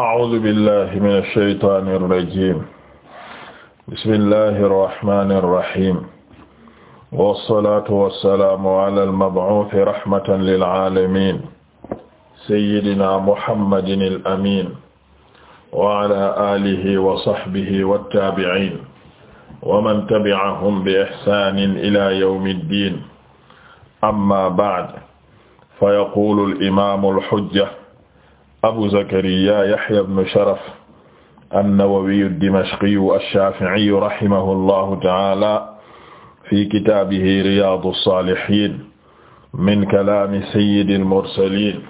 أعوذ بالله من الشيطان الرجيم بسم الله الرحمن الرحيم والصلاة والسلام على المبعوث رحمة للعالمين سيدنا محمد الأمين وعلى آله وصحبه والتابعين ومن تبعهم بإحسان إلى يوم الدين أما بعد فيقول الإمام الحجة abu zakariya yahya ibn sharaf an-nawawiyu ad-dimashqiyu ash-shafi'iyu rahimahu llahu ta'ala fi kitaabihi riyaadu saalihiin min kalaami sayyidil mursaliin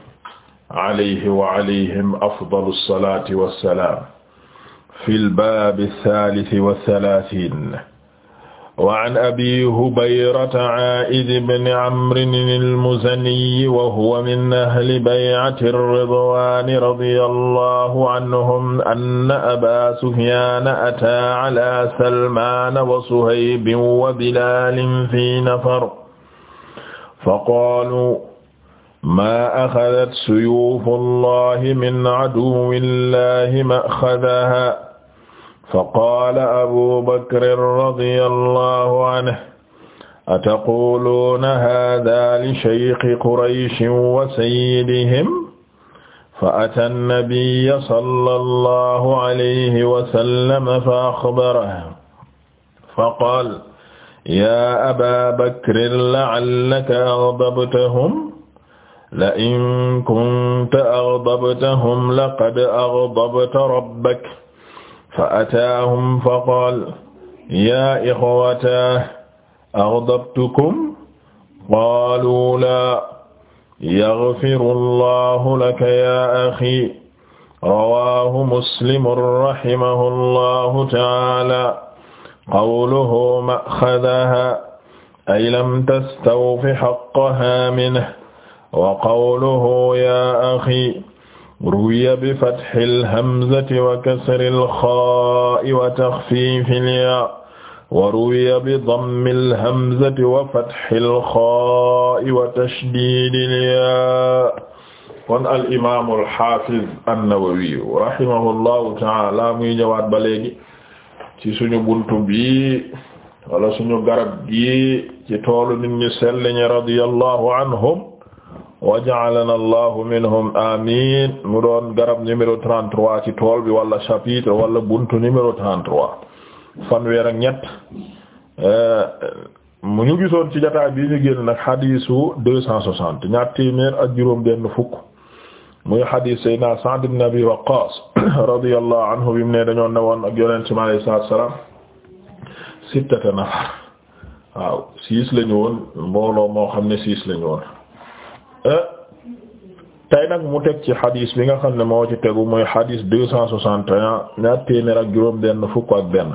alayhi wa alayhim afdalu salaati wa salaam fil baabi saalisi wa salaasiin wa an abi hubayrata aa'id ibni amrin al-muzaniyi wa huwa min ahli bay'ati ridwaani radiyallahu anhum anna abaa sufyaana ataa alaa salmaana wa suhaybin wa bilaalin fii nafar faqaaluu maa axadat suyuufullahi min aduwwillahi ma'xadahaa faqaala abu bakrin radiyallahu anhu ataquluuna haadaa li shaykhi qurayshin wa sayyidihim fa ataa nabiyya sallallahu alayhi wa sallam fa axbarahu faqaala yaa abaa bakrin la'allaka aghdabtahum la'in kunta aghdabtahum laqad aghdabta rabbaka fa ataahum fa qaal yaa ixwata aghdabtukum qaaluu laa yaghfiru allahu laka yaa axi rawaahu muslimun rahimahu allahu taala qawluhu ma'xadahaa ay lam tastawfi haqqahaa minhu wa qawluhu yaa axi ruwiya bi fathil hamzati wa kasril xaa'i wa taxfiifil yaa wa ruwiya bi dammil hamzati wa fathil xaa'i wa tashdiidil yaa kon al imaam al haafiz an-Nawawi rahimahullahu ta'aala muy ñëwaat ba léegi ci suñu buntu bi wala suñu garab gi ci toolu nit ñu sell ñi radiyallahu anhum wa ja'alana allahu minhum amin mu doon garab numéro 33 ci tool bi wala chapitre wala buntu numéro 33 fanweer ak ñett eh, mu ñu gisoon ci jotaay bi ñu génn nag xadiisu 260 ñaar ak juróom benn fukk muy xadiis Seydina Sa'd ibn Abi Waqqas radiyallahu anhu bi mu ne dañoo woon ak yonent mi alayhi salaatu wa salaam sittata nafar waaw siis lañu woon mbooloo moo xam ne siis lañu woon Euh, tey nag mu teg ci xadis bi nga xam ne moo ci tegu mooy xadis deux cent soixante et un ñaar téeméer ak juróom benn fukk ak benn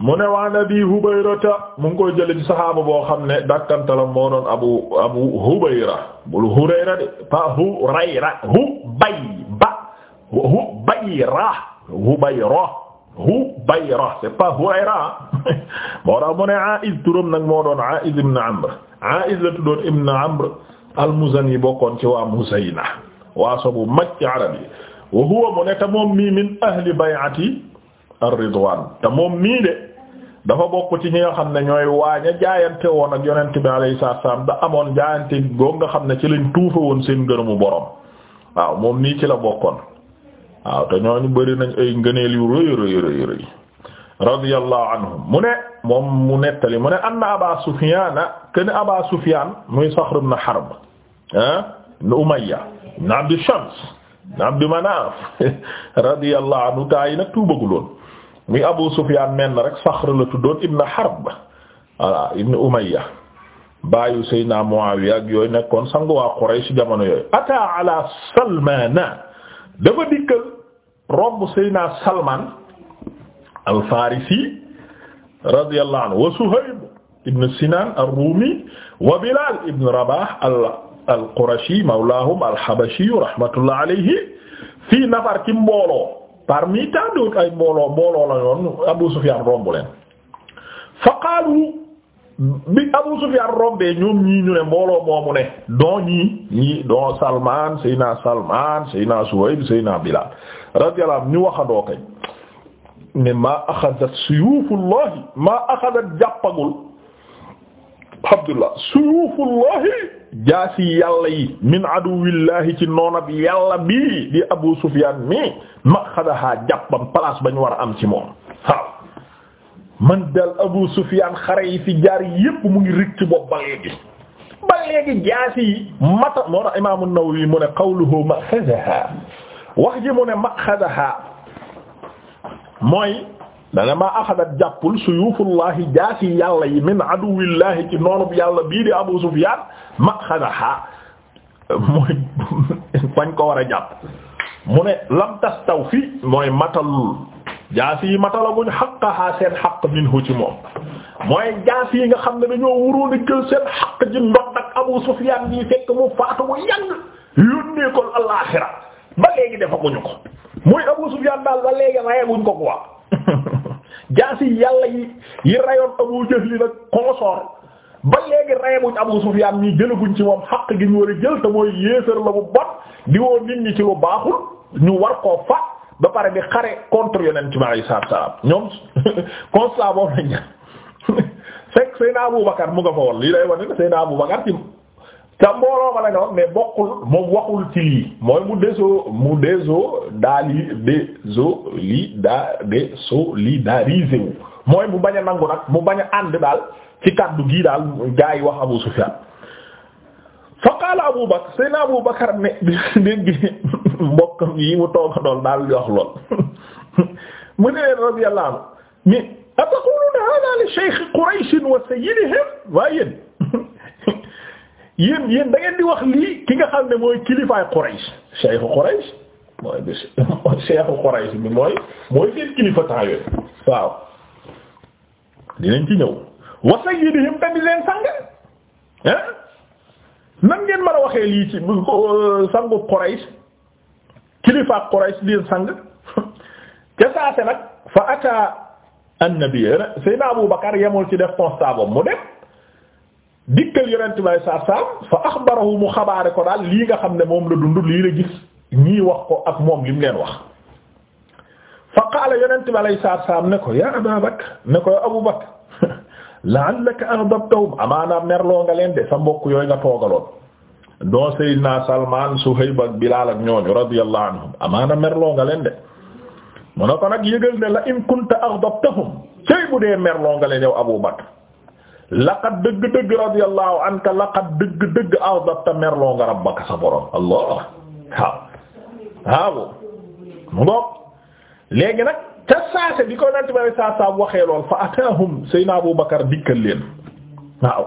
mu ne waan abi Hubayrata mu ngi koy jële ci saxaaba boo xam ne dakkantalam moo doon abu abu bul Hurayra de pas Hurayra Hubay ba Hubayra Hubayra Hubayra ah. moo tax mu ne Aiz turam nag moo doon Aiz ibn Amr al-Muzani bokkoon ci waa Muzayna waaso bu mag ci arab yi wa huwa mu ne te moom mii min ahli bay'ati ar te moom mii de dafa bokk ci ñi nga xam ne ñooy waaña jaayante woon ak yonent bi alayhi amoon jaayante boo nga xam ne ci lañ tuufe woon seen ngërëmu borom waaw moom nii ci la bokkoon waaw te ñooñu bëri nañ ay ngëneel yu rëy rëy rëy rëy radiyallahu anhum mu ne moom mu nettali mu ne anna Aba Sufyaan ken Aba Sufyaan muy Saxr ibn Harb ibn Umayya ibn Abd Shams ibn Abd Manaf radiyallahu anhu gaa yi nag tuubagul woon muy Abu Sufyan men rek Saxr la tuddoon ibn Harb voilà ibn Umayya baayu Seydina Muawiya ak yooyu nekkoon sangu waa Quraysh jamono yooyu ata ala Salmaana dafa dikkal romb Seydina Salman al-Farisi radiyallahu anhu wa Suhayb ibn Sinan ar-Rumi wa Bilal ibn Rabah al-Qurashi mawlaahum al-Habashi rahmatullah alayhi fii nafar ci mbooloo parmi tant d'autres ay mbooloo mbooloo la yoon Abu Sufyan romb leen fa qaalu bi Abu Sufyan rombee ñoom ñii ñu ne mbooloo moomu ne don ñii ñii don Salman Seyna Salman Seyna Suhayb Seyna Bilal radiyallahu anhu ñu waxandoo kay ne maa axadat suyuufullahi maa axadat jàppagul Abdullah suyufullahi jaasi yàlla yi min aduwillahi ci noonab yàlla bi di Abu Sufyan mi maxadaha jàppam place bañ war a am ci moom waaw man daal Abu Sufyan xare yi fi jaar yépp mu ngi rëcc bopp ba léegi ba léegi jaasi yi mata moo tax Imaam An-Nawawi mu ne qawluhu maxadaha wax ji mu ne maxadaha mooy dana ma axadat jàppul suyufullahi jaasi yàlla yi min aduwillahi ci noonub yàlla bii di Abu Sufyaan ma xadaha mooy fañ ko war a jàpp mu ne lam tastawfi mooy matalul jaasi yi matalaguñ xaqaha seen xaq minhu ci moom mooy jaas yi nga xam ne dañoo waroon a jël seen xaq ji ndox ak Abu Sufyaan bi fekk mu faatu mu yàgg yónnee ko alaaxira ba léegi defaguñu ko muy Abu Sufyaan daal ba léegi mayeguñ ko quoi jaasi yàlla yi yi rayoon Abu Jahl nag consort ba léegi rayaguñ Abu am ñi jëlaguñ ci moom xaq gi ñu war a jël te mooy yéesar la bu bot di woo nit ñi ci lu baaxul ñu war koo fa ba pare di xare contre yonent bi alayhi salaatu salaam ñoom constat boobu lañ ñaan fekk Seydina Bakar mu nga fa woon lii lay wane Seydina Abu Bakar ci ca mbooloo ma la mais bokkul moom waxul ci lii mooy mu déso mu déso daali déso li da désolidariser wu mooy mu bañ a nangu nag mu bañ a ànd daal ci kaddu gii daal gaa yi wax Abu Sufyan fa qaala Abu Bakr sayna Abu Bakr ne dégg mbokkam yi mu tooga doon daal wax lool mu ne leen radiyallahu anhu mais ataquluna hada li shaykh Quraysh wa sayyidihim wa yéen yéen yéen da di wax lii ki nga xam ne mooy kilifaay Quraysh Cheikhu Quraysh mooy bi Cheikhu Quraysh bi mooy mooy seen kilifa temps yooyu waaw dinañ ci ñëw wa sayyidihim tamit leen sang ah nan ngeen mën a waxee lii ci euh, sangu Quraysh kilifa Quraysh leen sang ca nag fa ata an-nabi Seydina Abu Bakar yemul ci def constat mu dem. dikkal yonent bay saar saar fa axbarahu mu xabaare ko daal lii nga xam ne moom la dund lii la gis ñii wax ko ak moom lim leen wax fa qaala yonent balay saar saar ne ko yaa Abaa Bakr ne ko Abu Bakr la'allaka aghdabtahum amaana merloo nga leen de sa mbokk yooyu nga toogaloon doo Seydina Salmaan Suhayb ak Bilaal ak ñooñu anhum amaana merloo leen de mu ne ko nag yëgal ne la in kunta aghdabtahum cëy bu dee merloo nga leen yow Abu Bakr laqad dëgg-dëgg radiyallahu anka laqad dëgg-dëgg awdabta merloo nga rabbaka sa borom allah waaw waaw mu léegi nag ca saase di ko nanti bari saa saa waxee lool fa ataahum sayna abu bakar dikkal leen waaw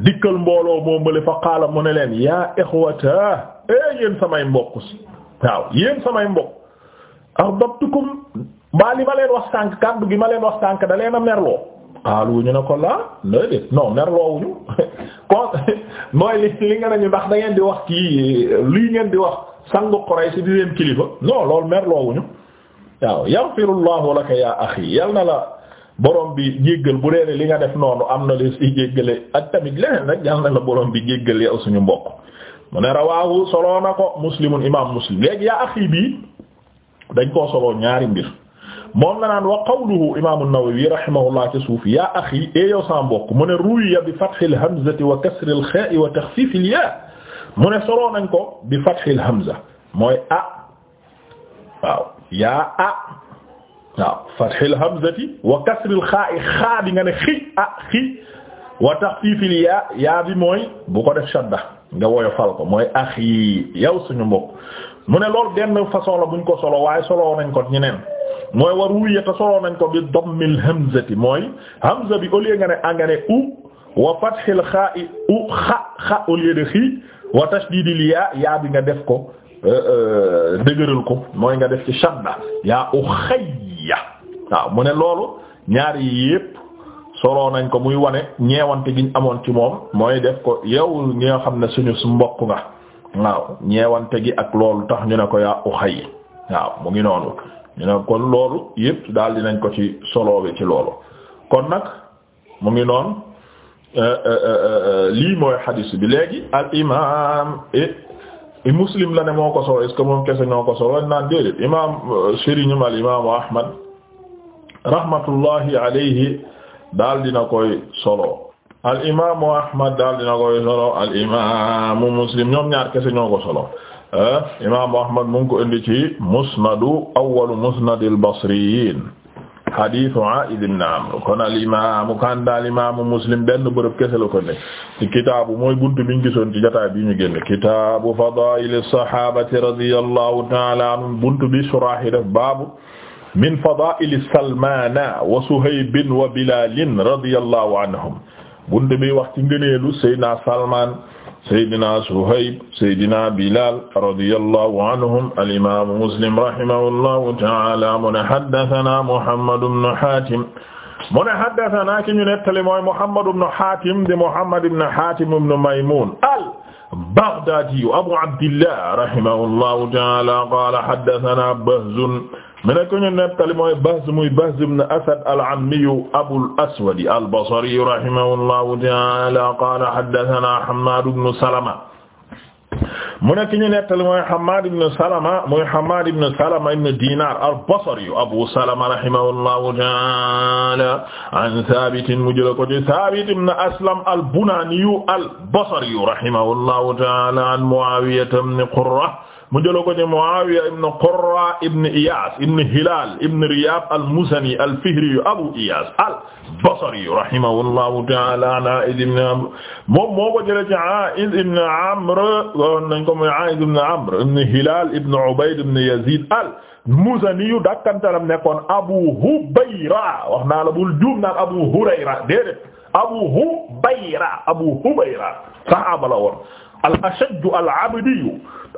dikkal mbooloo moo mële fa qaala mu ne leen yaa ixwata ee eh, yéen samay mbokk si waaw yéen samay mbokk awdabtukum baa li ma leen wax sànk kàddu gi ma leen wax sànk da leen a merloo wu ñu ne ko laa déedéet non merloowuñu kon mooy li nga nañu ndax da ngeen di wax kii lii ngeen di wax sangu Quraysh di leen kilifa non loolu merloowuñu waaw yaghfirullahu laka ya akhi yal na la borom bi jéggal bu dee li nga def noonu am na li si jéggale ak tamit leneen rek yal na la borom bi jéggal yow suñu mbokk mu ne rawaahu soloo na ko muslimun imam muslim léegi yaa akhi bii dañ koo soloo ñaari mbir moom la naan wa qawluhu imaamu Nawawi rahimahullah ca suuf yaa axi e yow sa mbokk mu ne ruwiya bi fathil hamzati wa kasril xaa'i wa taxfiifil yaa mu ne soloo nañ ko bi fathil hamza mooy a waaw yaa a waaw fathil hamzati wa kasril xaa'i xaa bi nga ne xi a xi wa taxfiifil yaa yaa bi mooy bu ko def shadda nga woyofal ko mooy axi yow suñu mbokk mu ne loolu denn façon la buñ ko solo waaye soloo nañ ko ñeneen mooy war wuye te soloo nañ ko bi dammil hamzati mooy hamza bi au lieu nga ne a nga ne u wa fathil xaa i u xa xa au lieu de xi wa tashdidil yaa yaa bi nga def ko euh, euh, dëgëral ko mooy nga def ci shadda yaa u xayya waaw mu ne loolu ñaari yépp soloo nañ ko muy wane ñeewante giñ amoon ci moom mooy def ko yow ñi xam ne suñu mbokk nga waaw ñeewante gi ak loolu tax ñu ne ko yaa uxay waaw mu ngi noonu ñu ne kon loolu yëpp daal dinañ ko ci solo soloowe ci loolu kon nag mu ngi noonu euh, euh, euh, lii mooy xadiis bi léegi al imaam eh, muslim la ne moo ko solo est ce que moom kese ñoo ko solo naan déedéet imaam sëriñum al imaamu ahmad rahmatullahi alayhi daal dina koy solo al imaamu Ahmad daal dina koy solo al imaamu Muslim ñoom ñaar kese ñoo ko solo eh, imaamu Ahmad mu ngi ko indi ci musnadu awwalu musnadil basriyiin hadiisu Aa'id ibn Amr kon al imaamu kan daal imaamu Muslim benn bërëb kese la ko ne ci kitaabu mooy buntu biñ gisoon ci jotaay bi ñu génn kitaabu fadaa'ili sahaabati radiyallahu ta'aala anhum buntu bi surah def baabu min fadaa'ili Salmaana wa Suhaybin wa Bilaalin radiyallahu anhum buntu bi wax ci ngëneelu Seydina Salman Seydina Suhayb Seydina Bilal radiyallahu anhum al-imaamu Muslim rahimahullahu ta'ala mu ne haddathana Muhammad ibn Hatim mu ne haddathana ki ñu nettali mooy Muhammad ibn Hatim di Muhammad ibn Hatim ibn Maymun Baghdaadiyu Abu Abdillah rahimahullahu ta'ala qaala haddathanaa Bahz mu ne ko ñu nettali mooy Bahz muy Bahz ibn Asad al-Ammiyu Abul Aswad al-Basriyu rahimahullahu ta'ala qaala haddathanaa Hammaad ibn Salama mu ne ki ñu nettali mooy Hammad ibn Salama mooy Hammad ibn Salama ibn Dinar al-Basri Abu Salama rahimahullahu ta'ala an Thabit mu jëla ko ci Thabit ibn Aslam al-Bunani al-Basri rahimahullahu ta'ala an Muawiya ibn Qurra mu jëloo ko ci Muawiya ibn Qurra ibn Iyas ibn Hilal ibn Riyab al-Muzani al-Fihri Abu Iyas al-Basri rahimahullahu ta'ala an A'iz ibn Amr moom moo ko jëlee ci A'iz ibn Amr nañ ko mooy A'iz ibn Amr ibn Hilal ibn Ubayd ibn Yazid al-Muzani yu dakkantalam nekkoon Abu Hubayra wax naa la bul juum naan Abu Hurayra déedéet Abu Hubayra Abu Hubayra saxaaba la woon al ashaj al abdi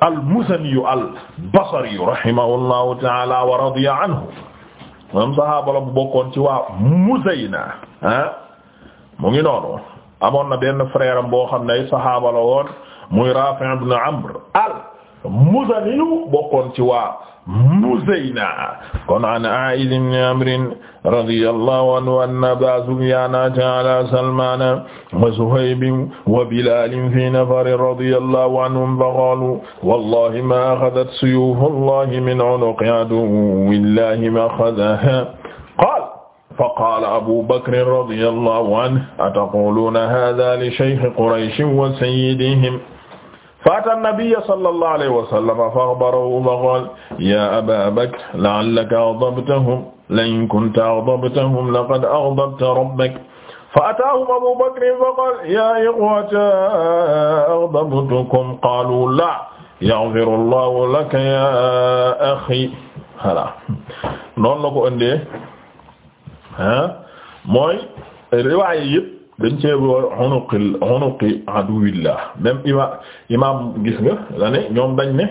al muzani al basri rahimahullahu ta'ala wa radiya anhu moom saxaaba la bu bokkoon ci waa Muzayna ah mu ngi noonu amoon na benn frère am boo xam ne saxaaba la woon muy Rafi' ibn Amr al Muzaniyu bokkoon ci waa Muzayna kon an Aa'iz ibn Amr radiyallahu anhu anna Abaa Sufyaan ata ala Salmaan wa Suhayb wa Bilaal fi nafarin radiyallahu anhum faqaalu wallahi ma axadat suyuufullahi min unuqi aduwwillahi ma axadahaa qaala faqaala Abuu Bakrin radiyallahu anhu ataquuluuna haazaa li shayxi Qurayshin wa sayyidihim فأتى النبي صلى الله عليه وسلم فأخبره فقال يا أبا بكر لعلك أغضبتهم لئن كنت أغضبتهم لقد أغضبت ربك فأتاهم أبو بكر فقال يا إخوة أغضبتكم قالوا لا يغفر الله لك يا أخي voilà noonu la ko indee ah mooy riwaaya yépp dañ cee boole unuqil unuqi aduwillah même imaam imaam gis nga la ne ñoom dañ ne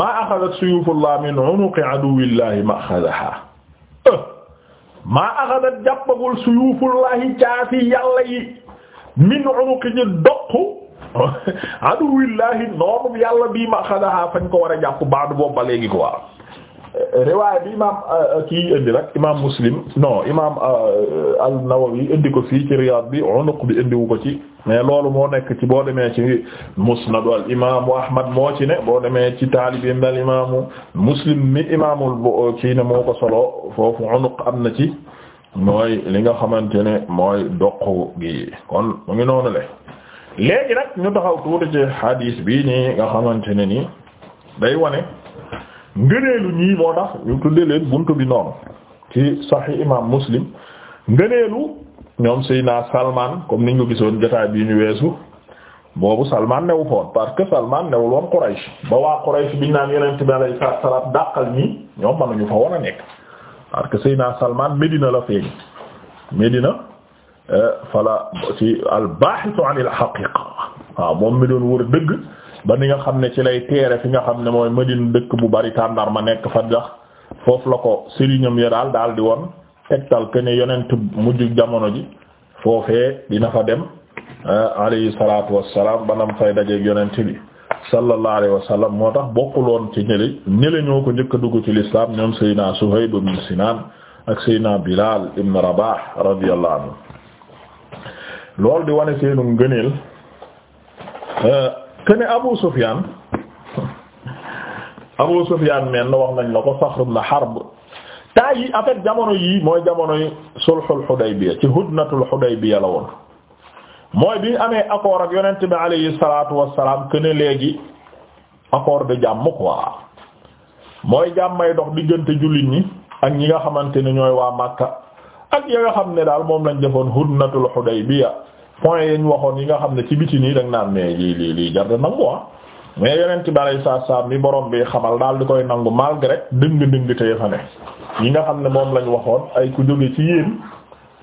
maa axadat suyufullah min unuqi aduwillah eh, ma axadaha maa axadat jàppagul suyufullahi jaafi yàlla yi min unuqi ñu doq aduwillah noonu yàlla bii ma axadaha fañ ko war a jàpp baadu boobu ba léegi quoi. riwaay bi imaam euh, kii indi rek imaam muslim non imaam euh, an-Nawawi indi ko fii ci Riyaad bi unuq bi indiwu ko ci mais loolu moo nekk ci boo demee ci musnad al imaamu Ahmad moo ci ne boo demee ci taalibeem al imaamu muslim mi imaamul euh, kii ne moo ko solo foofu unuq am na ci mooy li nga xamante ne mooy doqu gi kon mu ngi noonu le léegi nag ñu taxaw tuuti ci hadis bii nii nga xamante ne nii day wane. ngëneelu ñii moo tax ñu tuddee leen buntu bi noonu ci Sahih imam Muslim ngëneelu ñoom Seydina Salman comme niñ ko gisoon jotaay bi ñu weesu boobu Salman newu foon parce que Salman newul woon Quraysh ba waa Quraysh biñ naan Yonent bi alayhi salaam dàqal ñii ñoom mënuñu fa woon a nekk parce que Seydina Salman Medina la feeñ Medina euh, fala ci al-baahith an al-haqiqa waaw moom mi doon dëgg. ba ni nga xam ne ci lay teere fi nga xam ne mooy Madina dëkk bu bari tàndar ma nekk fa ndax foofu la ko sëriñam ya daal daal di woon tegtal ke ne yonent mujj jamono ji foofee dina fa dem eh, alayhi salaatu wassalaam banam fay dajeeg yonent bi sallallahu alayhi wasallam moo tax bokkul woon ci ñëli ñële ñoo ko njëkk a dugg ci lislaam ñoom Seydina Suhayb ibn Sinaan ak Seydina Bilaal ibn Rabaah radiyallahu anhu di wane seenu ngëneel eh, kene Abu Sufyan Abu Sufyan men wax nañ la ko Saxr na Harb taa yi en jamono yii mooy jamono yi sulhul Hudaybiya ci hudnatul Hudaybiya la woon mooy bi amee accord ak yonent bi alayhi salaatu wassalaam kene léegi accord de jàmm quoi mooy jàmmay dox diggante jullit ñi ak ñi nga xamante ni ñooy waa Makka ak ya xam ne daal moom lañ defoon hudnatul Hudaybiya point yañ waxoon yi nga xam ne ci biti nii danga naan ne lii lii lii jar na nangu ah. mais yeneen ci balay saa saa mi borom bi xamal daal di koy nangu malgré dëng-dëng te fa ne yi nga xam ne moom lañ waxoon ay ku jóge ci yéen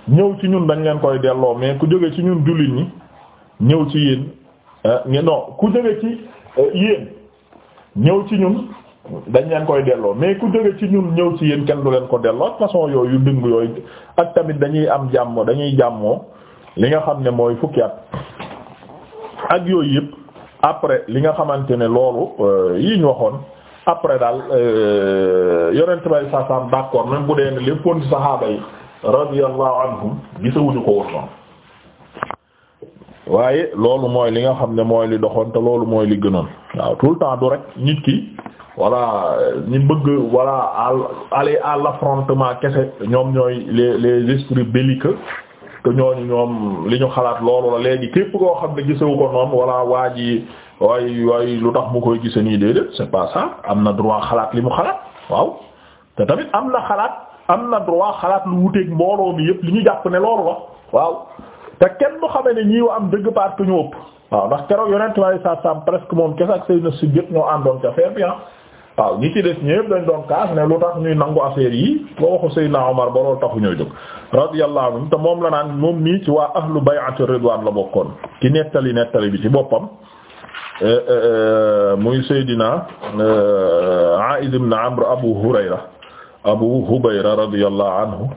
ñëw ci ñun dañ leen koy delloo mais ku jóge ci ñun jullit ñi ñëw ci yéen euh, ku jóge ci euh, ñëw ci ñun dañ leen koy delloo mais ku jóge ci ñun ñëw ci yéen kenn du leen ko delloo ak façon yooyu dëng yooyu ak tamit dañuy am jàmm dañuy jàmmoo. li nga xam ne mooy fukki at ak yooyu yëpp après li nga xamante ne loolu euh, yi ñu waxoon après daal euh, yonent bay saasaam d'accord même bu dee ne léppoon ci saxaaba yi radiyallahu anhum gisawuñu ko woon waaye loolu mooy li nga xam ne mooy li doxoon te loolu mooy li gënoon waaw tout temps du rek nit ki voilà ñi bëgg voilà à aller à l'affrontement kese ñoom ñooy les les esprits belliqueux que ñooñu ñoom li ñu xalaat loolu la léegi képp koo xam ne gisewu ko noonu wala waa ji waay waayu lu tax mu koy gise nii déedéet c'est pas ça am na droit xalaat li mu xalaat waaw te tamit am na xalaat am na droit xalaat lu wuteeg mbooloo mi yëpp li ñu jàpp ne loolu la waaw te kenn du xamee ne ñii am dëgg part que ñu ëpp waaw ndax keroog yonent sallallahu alayhi wasallam presque moom kese ak Seydina Siddiq ñoo àndoon ca affaire bi ah waaw ñi ci des ñëpp dañ doon kaas ne lu tax ñuy nangu affaire yi boo waxu Seydina Omar ba taxu ñoo jóg radiyallahu anhu te moom la naan moom mii ci waa ahlu bay'atu ridwaan la bokkoon ki nettali nettali bi ci boppam eh, eh, eh, muy Seydina Aid ibn Amr Abu Hurayra Abu Hubayra radiyallahu anhu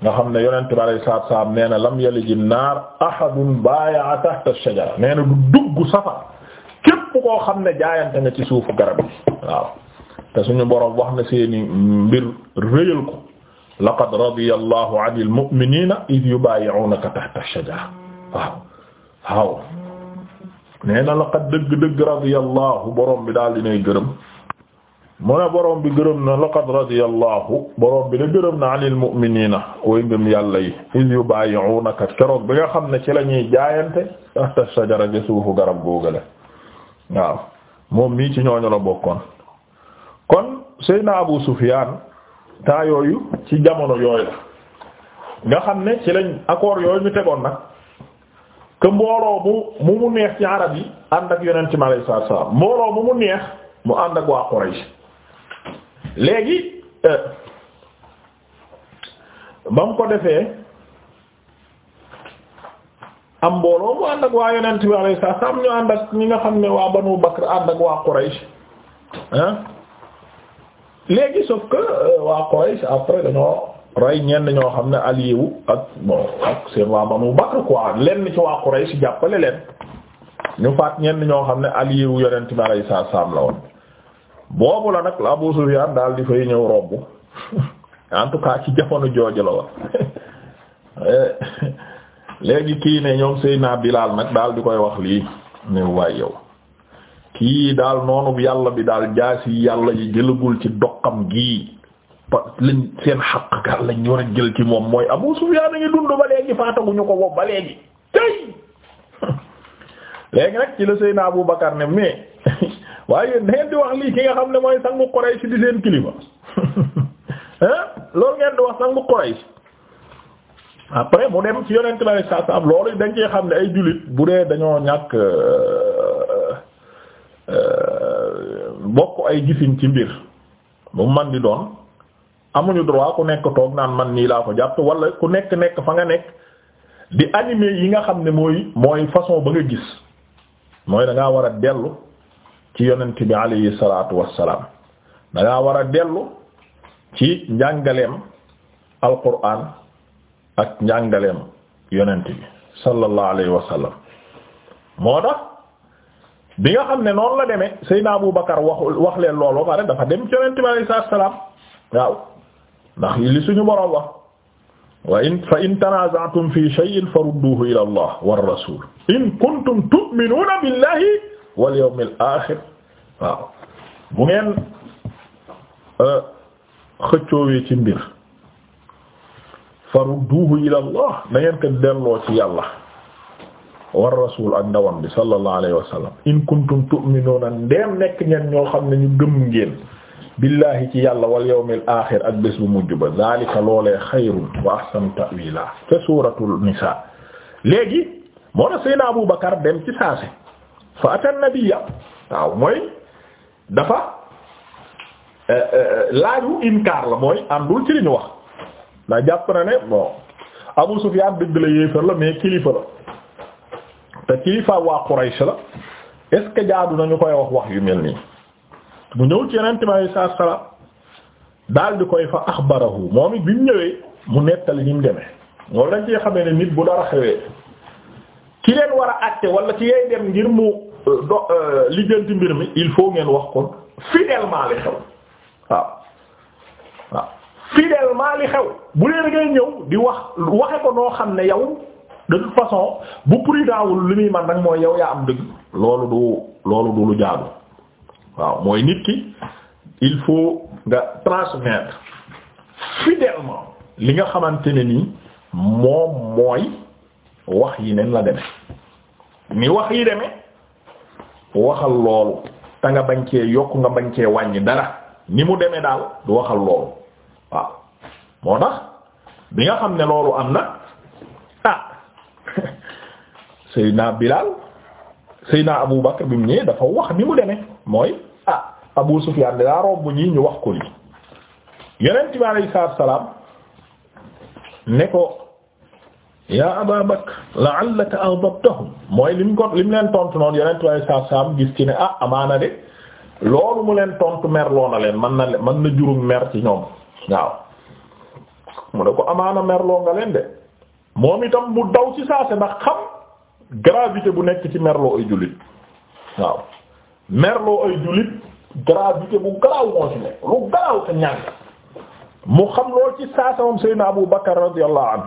nga xam ne yonent bi alayhi salaatu salaam nee na lam yaliji naar ahadun baaya'a tahta ash-shajara nee na du dugg safar képp koo xam ne jaayante nga ci suufu garab yi waaw te suñu boroom wax na seeni mbir rëyal ko laqad radiyallahu anil mu'minina id yubayi'unaka tahta ash-shajara waaw waaw nee na laqad dëgg-dëgg radiyallahu boroom bi daal dinay gërëm mu ne boroom bi gërëm na laqad radiyallahu boroom bi da gërëm na anil mu'minina way ngëm yàlla yi iz yubayi'unaka keroog bi nga xam ne ci la ñuy jaayante tahta shajara ci suufu garab googale waaw moom mii ci ñooñu la bokkoon kon Seydina Abu Sufyan temps yooyu ci jamono yooyu la nga xam ne ci lañ accord yooyu ñu tegoon nag que mbooloo mu mu mu neex ci arab yi ànd ak yonent mi alayhi salaatu salaam mbooloo mu mu neex mu ànd ak waa Quraysh léegi euh, ba mu ko defee am mbooloo mu ànd ak waa yonent mi alayhi salaatu salaam ñu ànd ak ñi nga xam ne waa Banu Bakr ànd ak waa Quraysh ah. léegi sauf que euh, waa Quraysh après dañoo rey ñenn ñoo xam ne allié ak bon ak seen waa Banu Bakr quoi lenn ci waa Quraysh jàppale leen ñu faat ñenn ñoo xam ne allié wu yonent bi alayhi salaam la woon boobu la nag la Abu Sufyaan daal di fay ñëw romb en tout cas ci jamono jooju la woon léegi kii ne ñoom Seydina Bilaal nag daal di koy wax lii ne waay yow. kii daal noonu yàlla bi daal jaasi yàlla yi jëlagul ci doqam gii pa lañ seen xaq gar lañ war a jël ci moom mooy Abu Sufyaan na ngi dund ba léegi faataguñu ko boobu ba léegi tey léegi nag ci la Seydina Abu Bakar ne mais waaye neen di wax lii ki nga xam ne mooy sangu Quraysh di seen kilifa hein loolu ngeen di wax sangu Quraysh après mu dem ci yonent la saa saa loolu dañ cee xam ne ay jullit bu dee dañoo ñàkk euh, Euh, bokk ay gisin ci mbir mu man di doon amuñu droit ku nekk toog naan man nii laa ko jàpp wala ku nekk nekk fa nga nekk di animer yi nga xam ne mooy mooy façon ba nga gis mooy da ngaa war a dellu ci yonent bi alayhi salaatu wassalaam da ngaa war a dellu ci njàngaleem alquran ak njàngaleem yonent bi sallallahu alayhi wa moo tax bi nga xam ne noonu la demee Seydina Abu Bakar wax wax leen loolu ba pare dafa dem ci Yonent bi alayhi salaatu wa salaam waaw ndax li suñu boroom wax wa in fa in tanaaza'tum fi shay'in farudduhu ila Allah war rasul in kuntum tu'minuuna billahi wal yawmil aaxir waaw bu ngeen euh, xëccoowee ci mbir farudduhu ila Allah na ngeen ko delloo ci yàlla war rasul ak ndawam bi sallallahu alayhi wa sallam in kuntum tu'minuna ndeem nekk ngeen ñoo xam ne ñu gëm ngeen billahi ci yàlla wal yawmil aaxir ak bés bu mujj ba zalika loolee xayrun wa ahsanu ta'wila te suuratul nisaa léegi waaw mooy dafa eh, eh, laaju inkaar la mooy àndul ci li wax ndax jàpp na ne bon Abu Sufyaan dëgg la yéefar la mais kilifa la te kilifa waa Quraysh la est ce que jaadu nañu koy wax wax yu mel nii mu ñëw ci yeneen tamit saa sala daal di koy fa axbarahu moom it bi mu ñëwee mu nettali ni mu demee lañ dañ xame xamee ne nit bu dara xewee ki leen war àtte wala ci yay dem ngir mu euh, do euh, lijjanti mbir mi il faut ngeen wax kon fidèlement li xew waaw waaw fidèlement li xew bu leen ngay ñëw di wax waxe ko noo xam ne yow. de toute façon bu prudawul li muy man nag mooy yow yaa am dëgg loolu du loolu du lu jaadu waaw mooy nit ki il faut nga transmettre fidèlement li nga xamante ne nii moom mooy wax yi nen la deme ni wax yi deme waxal loolu te nga bañ cee yokk nga bañ cee wàññi dara ni mu demee daal du waxal loolu waaw moo tax bi nga xam ne loolu am na Seydina Bilal Seydina Abu Bakr bi mu ñëwee dafa wax ni mu demee mooy ah Abu Sufyan daa romb ñii ñu wax ko lii Yonent bi alayhi salaatu wa salaam ne ko yaa Aba Bakr la'allaka aghdabtahum mooy lim ko lim leen tontu noonu Yonent bi alayhi salaatu salaam gis ci ne ah amaana de loolu mu leen tontu merloo na leen mën na mën na jurum mer ci ñoom waaw mu ne ko amaana mer nga leen de moom itam mu daw ci saase ndax xam. gravité bu nekk ci merloo ay jullit waaw merloo ay jullit gravité bu garaaw moo ci nekk lu garaaw te mu xam lool ci saasamam Seydina Abu Bakar radiyallahu anhu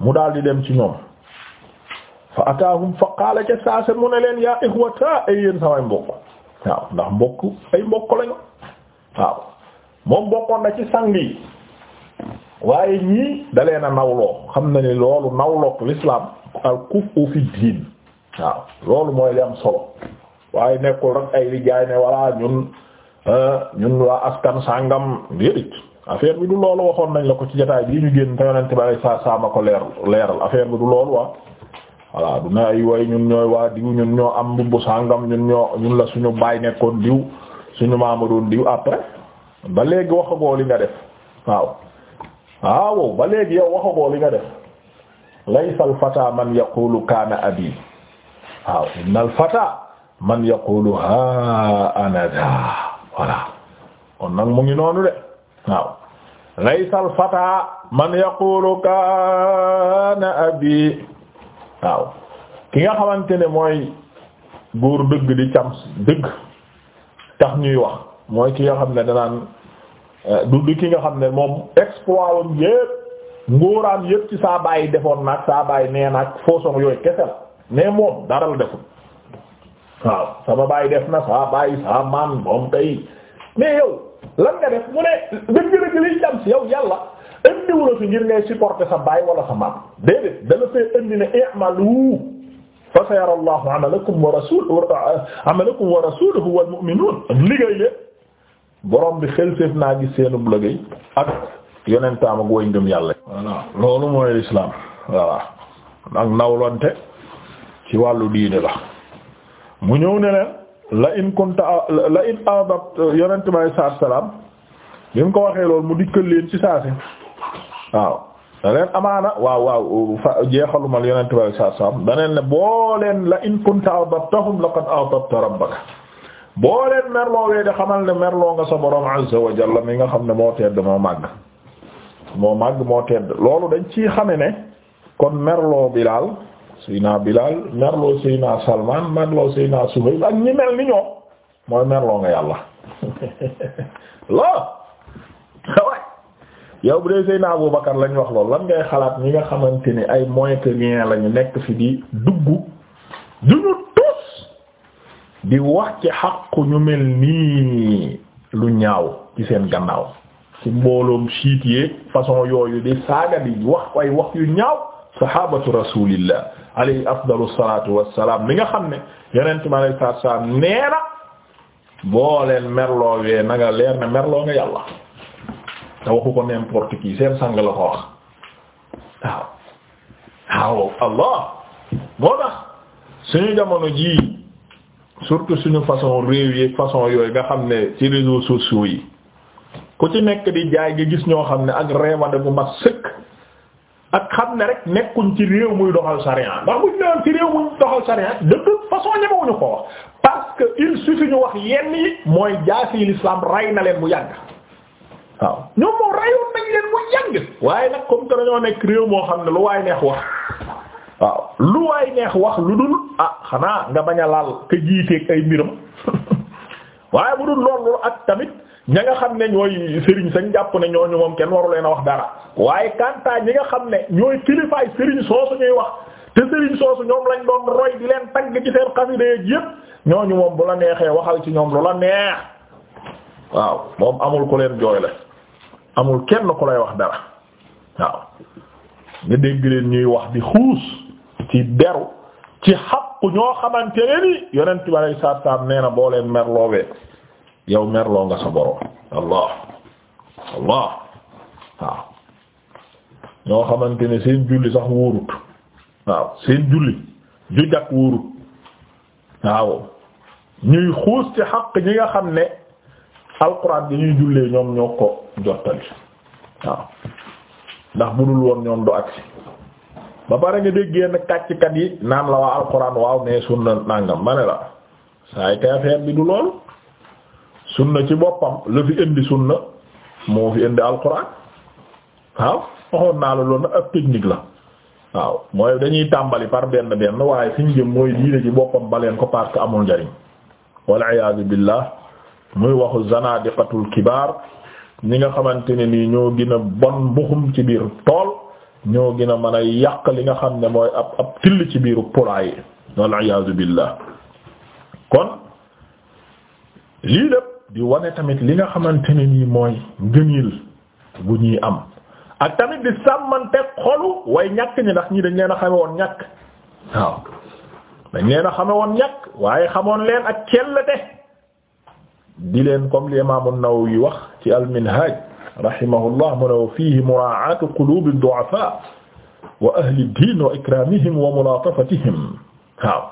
mu daal di dem ci ñoom fa ataahum fa qaala ca saasa mu ne leen yaa ixwata ay yéen samay mbokk waaw ndax mbokk ay mbokk lañu waaw moom bokkoon na ci sang yi waaye ñii dalee na nawloo xam na ni loolu nawlook l'islam al kufu fi diin waaw loolu mooy li am solo waaye nekkul rek ay liggéey ne walla ñun ah, ñun waa askan sàngam déedéet affaire bi du loolu waxoon nañ la ko ci jotaay bi ñu génn te yonent ba leeral affaire bi du loolu waa voilà du na ay way ñun ñooy waa diw ñun ñoo am mbubbu sàngam ñun ñoo ñun la suñu baay nekkoon diw suñu maama doon diw après ba léegi waxagoo li nga def waaw waaw ba léegi yow waxagoo li nga def laysa alfata man yaqulu kaana abi waaw inna alfata man yaqulu ha ana da kon nag mu ngi noonu de waaw laysa alfata man yaqulu kaana abi waaw ki nga xamante ne mooy góor dëgg di cam dëgg tax ñuy wax mooy ki nga xam ne danaan euh, du ki nga xam ne moom exploit yépp ngóoraam yëpp ci saa bàyyi defoon nag saa bàyyi nee nag foosoon yooyu kese la moom dara deful waaw sama bàyyi def na saa bàyyi saa maan moom tey mais yow lan nga def mu ne dëgg-dëgg liy jam ci yow yàlla indiwula fi ngir ngay supporter sa bàyyi wala sa maam déedéet dala fee indi ne i'malu fa sayara Allahu amalakum wa rasuluhu amalakum wa rasuluhu wal mu'minun liggéey le borom bi xel seef naa gis seenum liggéey ak yonentaam ak woy ngëm yàlla voilà loolu mooy lislaam voilà ak nawlonte ci wàllu diine la mu ñëw ne leen la in kunta la in adabt yonent bi alei salaatu salaam bi mu ko waxee loolu mu dikkal leen ci saasi waaw da leen amaana waaw waaw fa jeexalumal yonent bi alei salaatu salaam da leen ne boo leen la in kunta adabtahum laqad adabta rabbaka boo leen merloo wee de xamal ne merloo nga sa borom azza wa jalla nga xam ne moo tedd moo màgg moo màgg moo tedd loolu dañ ci xame ne kon merloo Bilaal Seyna Bilaal merloo Seyna Salman merloo Seyna Suhayb ak ñi mel ni ñoom mooy merloo nga yàlla loo yow bu dee Seyna Abu Bakar lañ wax loolu lan ngay xalaat ñi nga xamante ni ay moyens que rien lañu nekk fi di dugg du ñu tus di wax ci xaqu ñu mel nii lu ñaaw ci seen gannaaw ci mbooloom siit yeeg façon yooyu di saaga di wax koy wax yu ñaaw sahabatu rasulillah alayhi afdalu salatu wassalam mi nga xam ne yonent mi alayhi salaatu salaam nee na boo leen merloowee na nga leer ne merloo nga yàlla te waxu ko n'importe qui seen sang la ko wax waaw waaw allah moo tax suñu jamono ji surtout suñu façon réew yi façon yooyu nga xam ne ci réseaux sociaux yi ku ci nekk di jaay nga gis ñoo xam ne ak reewande bu mat sëkk ak xam ne rek nekkuñ ci réew muy doxal sariya ndax buñ naan ci réew muy doxal sariya de façon ñemewuñu ko wax parce que il suffit ñu wax yenn yi mooy jaasi l'islam rey na leen bu yàgg waaw ñoom moom reyoon nañ leen bu yàgg waaye nag comme que dañoo nekk réew moo xam ne lu waay neex wax waaw lu waay neex wax lu dul ah xanaa nga baña a laal ka jiiteeg ay mbiram waaye bu dul loolu ña nga xam ne ñooy sëriñ sañ jàpp ne ñooñu moom kenn waru leen a wax dara waaye kantaa ñi nga xam ne ñooy kilifaay sëriñ soosu ñuy wax te sëriñ soosu ñoom lañ doon roy di leen tagg ci seen xasida yépp ñooñu moom bu la neexee waxal ci ñoom lu la neex waaw moom amul ku leen jooy la amul kenn ku lay wax dara waaw nga dégg leen ñuy wax di xuus ci deru ci xaqu ñoo xamante ne ni yonent bi alayhi salaatu nee na boo leen merloowee yow merloo nga sa borom allah allah waaw ñoo xamante ne seen julli sax wóorut waaw seen julli ju jàkk wóorut waaw ñuy xuus ci xaq ñi nga xam ne alxuraan bi ñuy jullee ñoom ñoo ko jottali waaw ndax bu dul woon ñoom du agsi ba pare nga génn yenn kàccikat yi naan la waa alxuraan waaw ne sunna nàngam ma ne la saay kay affaire bi du loolu sunna ci boppam la fi indi sunna moo fi indi alquran waaw waxoon naa la loolu nag ab technique la waaw mooy dañuy tàmbali par benn benn waaye fi ñu jëm mooy diine ci boppam baleen ko parce que amul njariñ wal iyaadu billah muy waxu zanadiqatul kibaar ñi nga xamante ne nii ñoo gën a bon mbuxum ci biir tool ñoo gën a mën a yàq li nga xam ne mooy ab ab till ci biiru pulaayi wal iyaadu billah kon lii lépp di wane tamit li nga xamante ne nii mooy ngënil bu ñuy am ak tamit di sàmmante xolu way ñàkk ñi ndax ñii dañ leen a xame woon ñàkk waaw dañ leen a xame woon ñàkk waaye xamoon leen ak cellte di leen comme l'imam an-Nawawi wax ci al-Minhaj rahimahullah mu new fihi mura'atu qulub ad-du'afa wa ahli ad-din wa ikramihim wa mulatafatihim waaw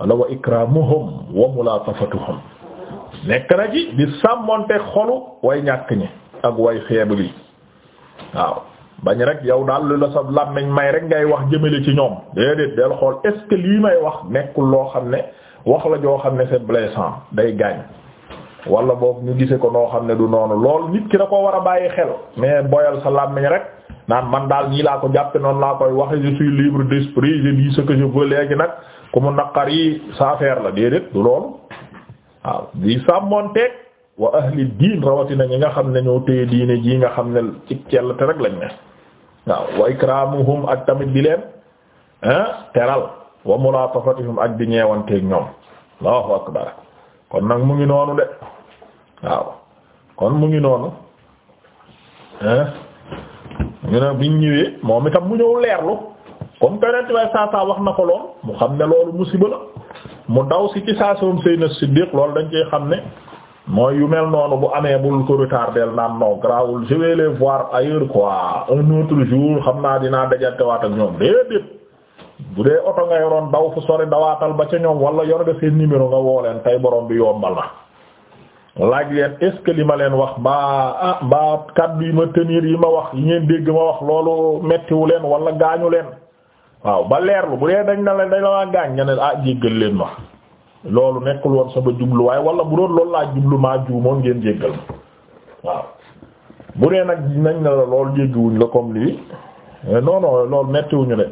wala wa ikramuhum wa mulatafatuhum nekk na ci di sàmmonte xolu way ñàkk ñi ak way faible yi waaw bañ rek yow daal lu la sa làmmiñ may rek ngay wax jëmale ci ñoom déedéet del xool est-ce que lii may wax nekkul loo xam ne wax la joo xam ne c'est blessant day gaañ wala boobu ñu gise ko noo xam ne du noonu loolu nit ki da ko war a bàyyi xel mais boyal sa làmmiñ rek naan man daal ñii laa ko jàppe noonu laa koy waxe je suis libre d'esprit je dis ce que je veux léegi nag ku mu naqar yi sa la déedéet waaw di sàmmonteeg wa ahli diin rawatina ñi nga xam ne ñoo téye diine ji nga xam ne ci cell te rek lañ ne waaw wa ikramuhum ak tamit di leen ah, teral wa mulatafatihum ak di ñeewanteeg ñoom allahu akbar kon nag mu ngi noonu de waaw kon mu ngi noonu ah. ñu ne biñ ñëwee moom itam mu ñëw leerlu comme que ren saa saa wax na ko lool mu xam ne loolu musiba la mu daw si ci saa soom Seydina Siddiq loolu dañ koy xam ne mooy yu mel noonu bu amee bul ko retardel naan non grawul je vais les voir ailleurs quoi un autre jour xam naa dinaa dajantewaat ak ñoom déedéet bu dee oto nga yoroon daw fu sori dawaatal ba ca ñoom wala yor nga seen numéro nga woo leen tey borom bi yombal na laaj leen est li ma leen wax mbaa ah mbaa kaddu yi ma tenir yi ma wax yi ngeen dégg ma wax loolu mettiwu leen wala gaañu leen waaw ba leerlu bu dee dañ na la dañ la gaañ nga ne ah jéggal leen ma loolu nekkul woon sama jubluwaay wala bu doon loolu laa jublu maa juumoon ngeen jéggal ma waaw bu dee nag nañ na la lool jéggiwuñ la comme lii eh, non non loolu mettiwuñu de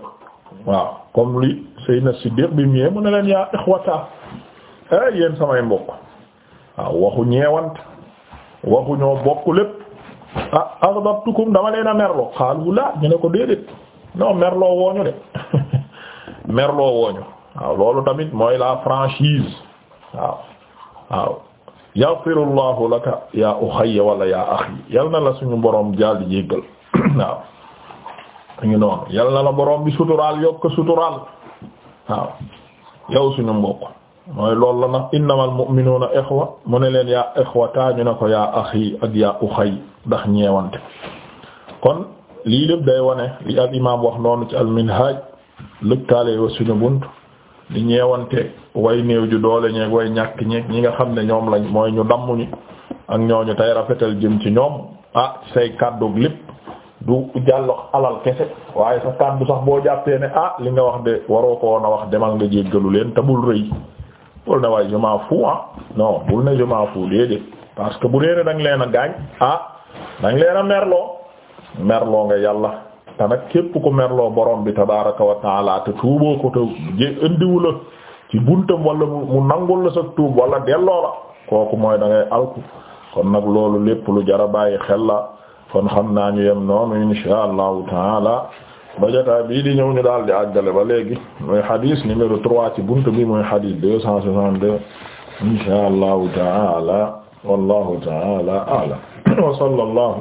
waaw comme lii Seydina Siddiq bi mu ne leen yaa ixwata eh yéen samay mbokk waaw waxu ñeewant waxu ñoo bokk lépp ah aghdabtukum dama leen a merloo xaalu laa ñu ne ko déedéet non merloo wooñu de merloo wooñu waaw loolu tamit mooy la franchise waaw waaw yaghfirullahu laka yaa ukhayya wala yaa akhi yal na la suñu borom jaal di jéggal waaw ñu noonu yal la borom bi suturaal yokk suturaal waaw yow suñu mbokk mooy loolu la nag innamal mu'minuuna ikhwa mu ne leen yaa ikhwa taa ñu ne ko yaa akhi ak yaa ukhay ndax ñeewante kon lii lépp day wane li al imaam wax noonu ci al minhaj lëkkaale wa suñu bunt di ñeewante way néew ju doole ñeeg way ñàkk ñeeg ñi nga xam ne ñoom lañ mooy ñu damm ñi ak ñooñu tay rafetal jëm ci ñoom ah say kàddu lépp du jàllox alal kese waaye sa kàddu sax boo jàppee ne ah li nga wax de waroo ko a wax demal nga jéggalu leen te bul rëy bul ne waaye je m'en fous ah non bul ne je m'en fous parce que bu dee ne da leen a gaañ ah da leen a merloo merloo nga yàlla te képp ku merloo borom bi tabaraka wa taala te tuuboo ko te indiwu la ci buntam wala mu nangul la tuub wala delloo kooku mooy dangay ngay alku kon nag loolu lépp lu jara bàyyi xel la kon xam naa ñu yem noonu insha allahu taala ba jotaay bii di ñëw ñu daal di àggale ba léegi mooy xadis numéro trois ci buntu bi mooy xadis insha allahu taala wallahu taala a'lam wa sallallahu